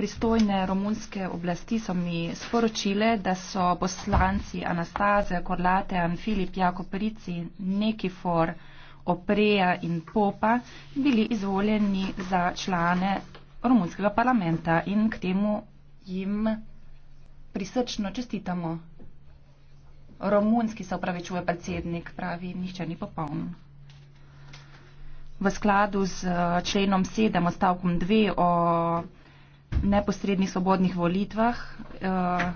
Pristojne romunske oblasti so mi sporočile, da so poslanci Anastaze, Korlate, Anfilip, Jakoprici, Nekifor, Opreja in Popa bili izvoljeni za člane romunskega parlamenta in k temu jim prisrčno čestitamo. Romunski se upravičuje predsednik, pravi, nihče ni popoln. V skladu z eh, členom 7, stavkom 2 o neposrednih svobodnih volitvah eh,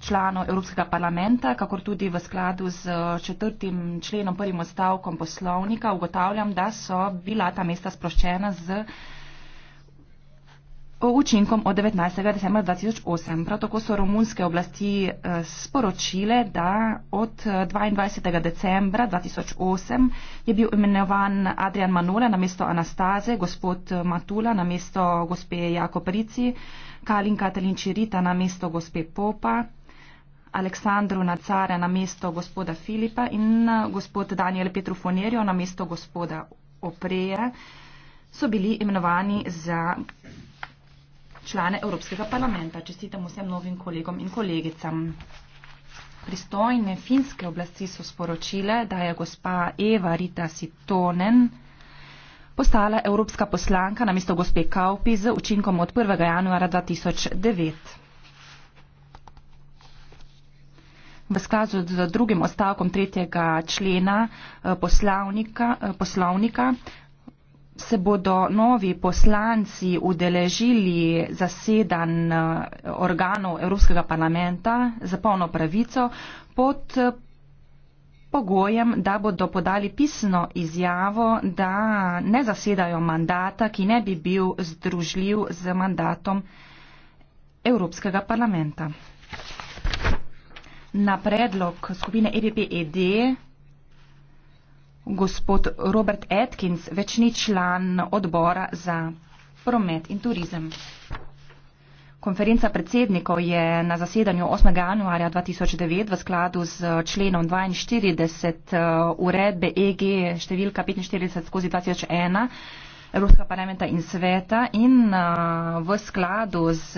članov Evropskega parlamenta, kakor tudi v skladu z eh, četrtim členom prvim odstavkom poslovnika, ugotavljam, da so bila ta mesta sproščena z učinkom od 19. decembra 2008. Prav tako so romunske oblasti eh, sporočile, da od 22. Eh, decembra 2008 je bil imenovan Adrian Manula na mesto Anastaze, gospod eh, Matula na mesto gospe Jakoprici, Kalin Katalin Čirita na mesto gospe Popa, Aleksandru Nacare na mesto gospoda Filipa in gospod Daniel Petru Fonerjo na mesto gospoda Opreja so bili imenovani za člane Evropskega parlamenta. Čestitam vsem novim kolegom in kolegicam. Pristojne finske oblasti so sporočile, da je gospa Eva Rita Sitonen postala evropska poslanka na mesto gospe Kaupi z učinkom od 1. januara 2009. V skladu z drugim ostavkom tretjega člena eh, poslovnika, eh, poslovnika se bodo novi poslanci udeležili zasedan eh, organov Evropskega parlamenta za polno pravico pod eh, pogojem, da bodo podali pisno izjavo, da ne zasedajo mandata, ki ne bi bil združljiv z mandatom Evropskega parlamenta. Na predlog skupine EPPED Gospod Robert Atkins, večni član odbora za promet in turizem. Konferenca predsednikov je na zasedanju 8. januarja 2009 v skladu z členom 42 eh, uredbe EG številka 45 skozi 2001 Evropska parlamenta in sveta in eh, v skladu z